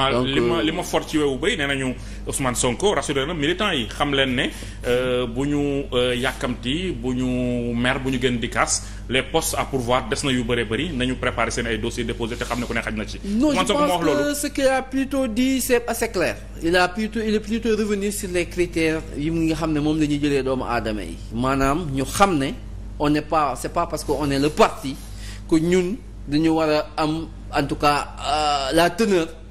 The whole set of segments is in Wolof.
Ah, donc li ma euh, li ma fort ci wewu bay nee nañu Ousmane Sonko rassuré na militant yi xam leen ne euh, bu ñu euh, yàkkamti bu ñu mer bu ñu gën di kaas les à pourvoir des na yu bëree bëri nañu préparer seen ay dossiers déposés te xam ne ku ne xaj na ci. Ousmane Sonko moo wax loolu non je a plutôt dit c'est a plutôt il est sur les critères yi nga xam ne moom la jëlee doomu aadama yi. maanaam ñu xam ne on n'est pas c'est pas parce que on est le parti que ñun dañu war a am en tout cas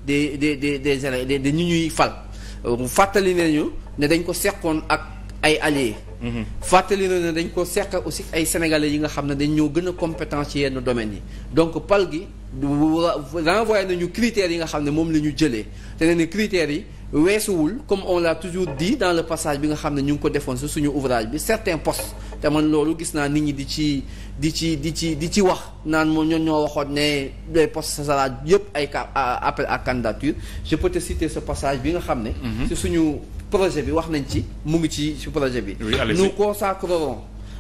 des des des des des des ñu ñuy fal euh, fàttali nañu ne dañ ko seqoon ak ay alliés. Mhm. fàttali na ne dañ ko seq aussi ay sénégalais yi nga xam ne dañ ñoo gën a compétence ci yenn domaines yi donc pal gi renvoyé nañu critères yi nga xam ne moom la ñu jëlee te ne critères yi. weesuwul comme on l'a toujours dit dans le passage bi nga xam ne ñu ngi ko defoon si suñu ouvrage bi certains postes te man loolu gis naa nit ñi di ci di ci di ci di ci wax naan moom ñoo ñoo waxoon ne les postes sera yëpp ay cas appel à candidature je peux te citer ce passage bi nga xam ne mhm. si suñu projet bi wax nañ ci mu ngi ci ci projet bi nous consacrerons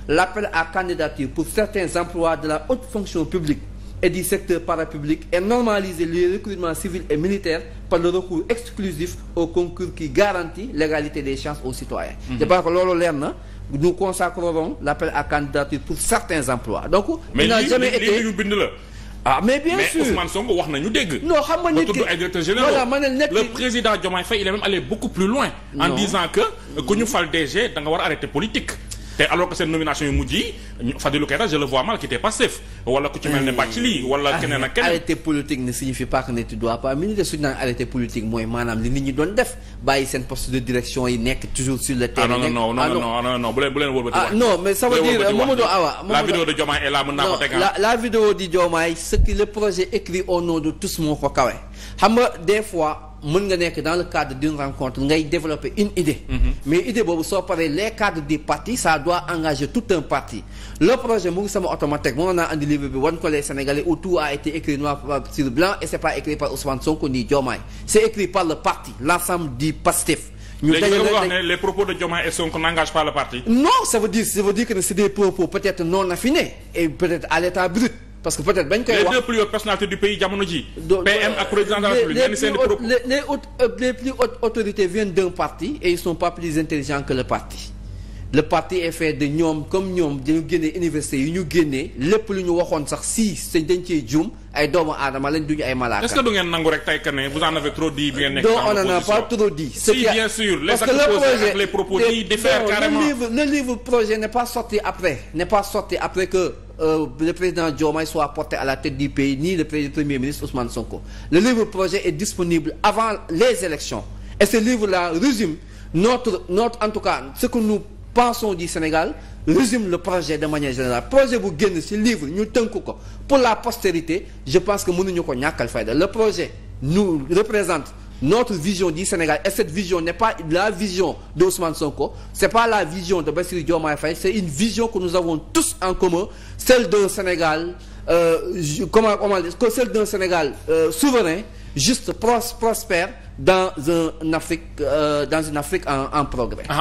l'appel à candidature pour certains emplois de la haute fonction publique et du secteur parapublic et normaliser les recrutements civils et militaires par le recours exclusif au concours qui garantit l'égalité des chances aux citoyens. Mhm. je pense que loolu leer na nous consacrerons l'appel à candidature pour certains emplois donc. il n'a jamais été mais ñu bind la. ah mais bien sûr mais Ousmane wax na ñu dégg. no xam nga nit ki voilà le président Diomaye Faye il est même allé beaucoup plus loin. en disant que ku ñu fal DG da nga a arrêter politique. te alors que seen nomination yu mujj yi Fadilou Keita je le vois mal qui était passif wala ku ci mel ne Bathily hmm. wala keneen ak keneen arrêté politique ne signifie pas que ne tu dois pas militer suñu naan arrêté politique mooy maanaam li nit ñi doon def bàyyi seen poste de direction yi nekk toujours sur le ah, terrain non non non non bu leen bu leen wëlbati ah, non mais ça veut dire Mamadou Awa la vidéo de Diomaye est là mën naa ko teg la vidéo di Diomaye ce que le mën nga nekk dans le cadre d'une rencontre ngay développer une idée mhm. mais idée boobu soo paree les cadres du parti ça doit engager tout un parti le projet mu ngi sama automatique mënoon naa andi bi wan ko les Sénégalais a été écrit noir sur blanc et c'est pas écrit par Ousmane Sonko ni Diomaye c'est le parti l'ensemble du PASTEF ne les propos de Diomaye et Sonko n'engagent pas le parti non ça veut dire ça veut c'est des propos peut-être non affinés parce que peut-être bañ koy wax les deux plus hautes du pays jamono ji. PM euh, plus hautes autorités viennent d'un et ils sont pas plus intelligents que le parti. le parti est fait de ñoom comme ñoom dañu génnee université yi ñu génnee lépp lu ñu waxoon sax si sañ dañ cee juum ay doomu aadama lañ duñu ay malaaka. est ngeen nangu rek tey que ne vous en avez on n'en a pas trop dit. si bien sûr le livre le livre projet n'est pas sorti après n'est pas sorti après que. euh, le président Diomaye soit porté à la tête du pays ni le premier ministre Ousmane Sonko le livre projet est disponible avant les élections et ce livre-là résume notre notre en tout cas ce que nous pensons du Sénégal résume le projet de manière générale projet bu génn ci livre ñu tënk ko pour la postérité je pense que mënuñu ko ñàkkal fayda le projet nous représente notre vision du Sénégal et cette vision n'est pas la vision d'Ousmane Sonko c'est pas la vision de Bassirou Diomaye Faye c'est une vision que nous avons tous en commun celle d'un Sénégal euh, comment comment dire que celle d'un Sénégal euh, souverain juste prospère dans un Afrique euh, en progrès. Ah.